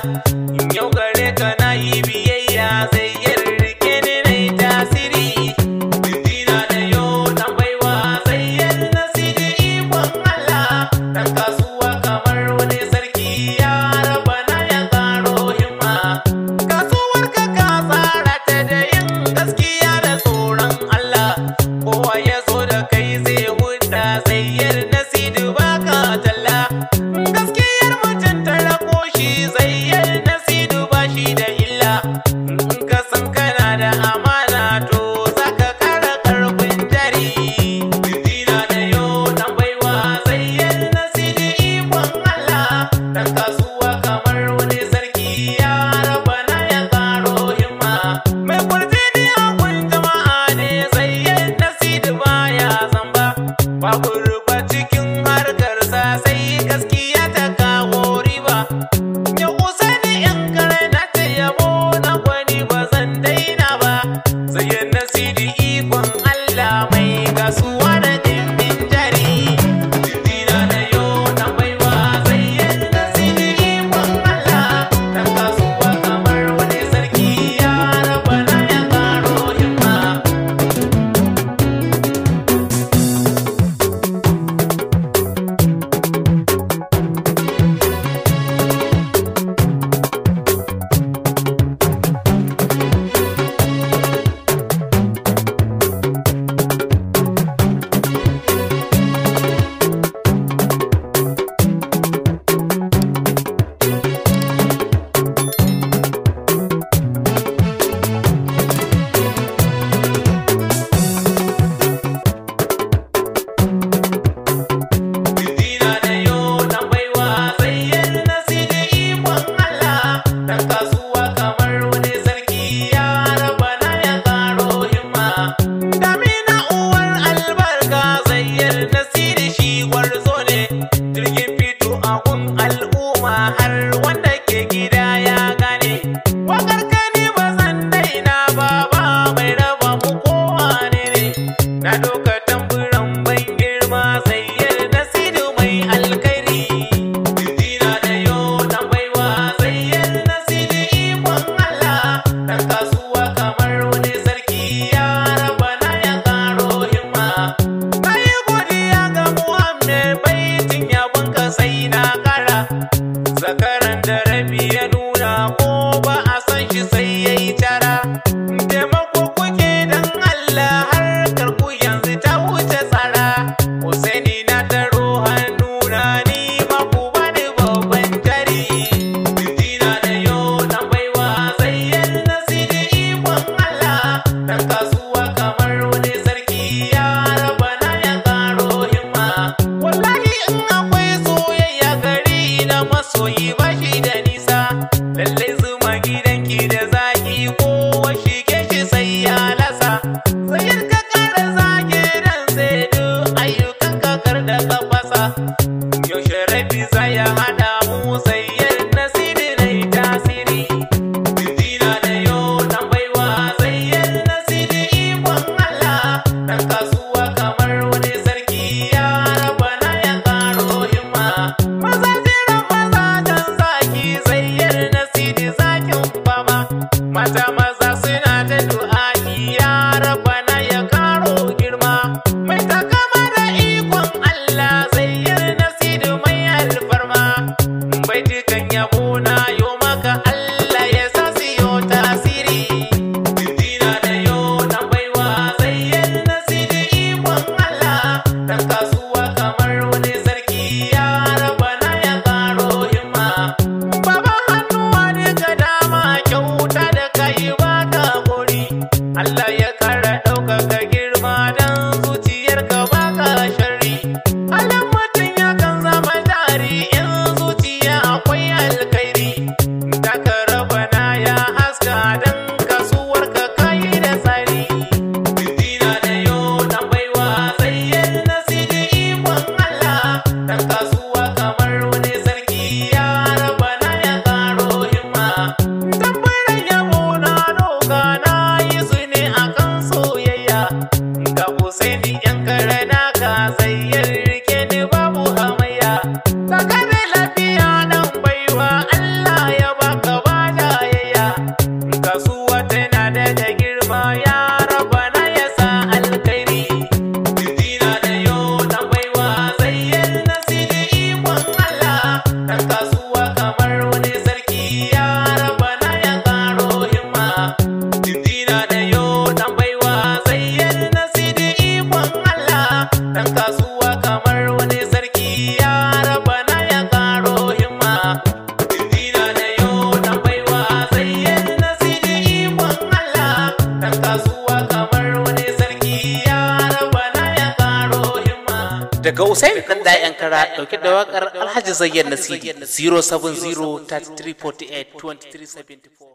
¡Gracias! I would say. ɗaukaka gida. Santa ga usain dan da yan kara dauke da wakar alhaji zayyar nasiri 070 3348 2374